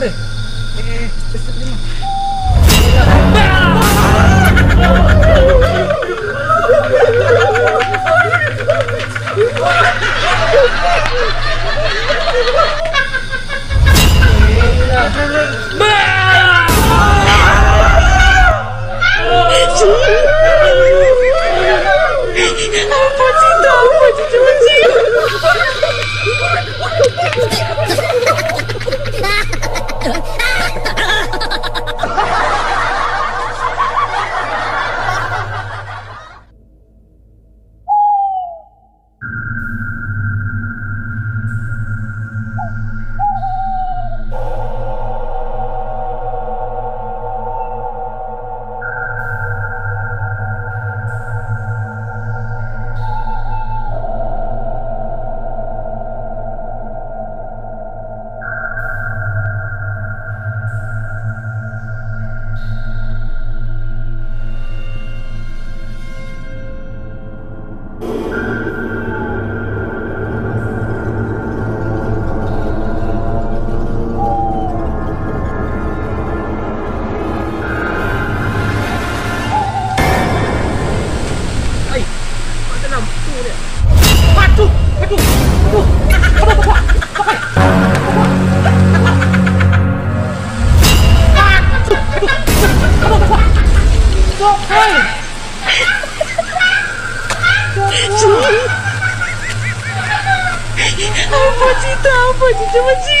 Pre. Eh, pesan lima. Ada apa sih coba sih?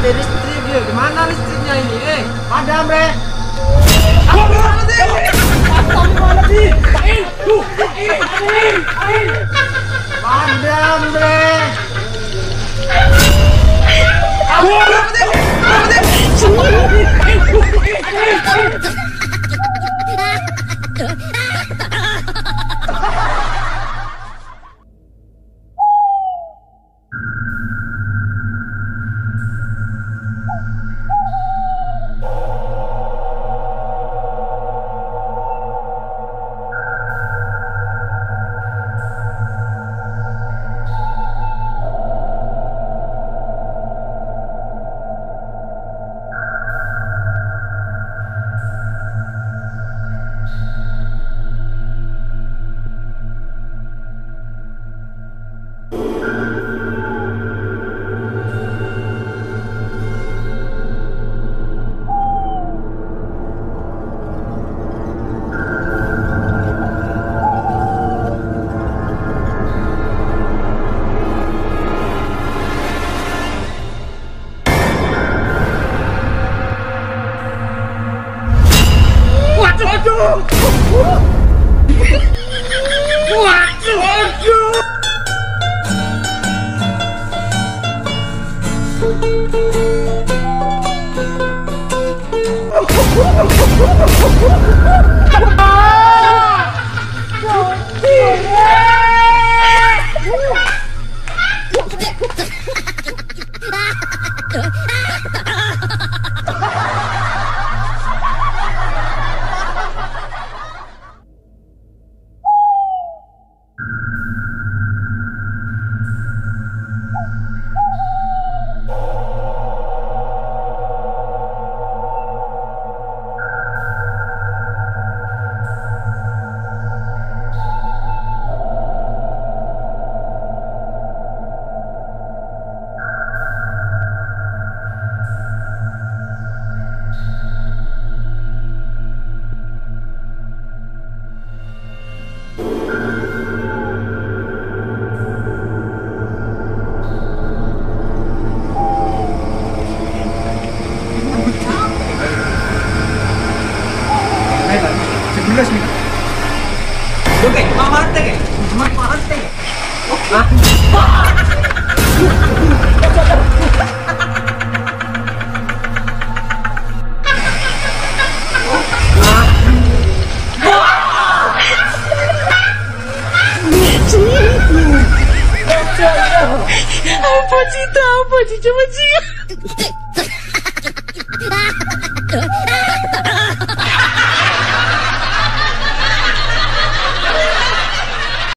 mati listrik Gimana listriknya ini? Eh, padam, Bre. Aku mana sih? Aku mana sih? Ain, tuh, Padam, Bre. What? OK，慢慢来，慢慢来。啊！哇！哈不记得，不记怎么记。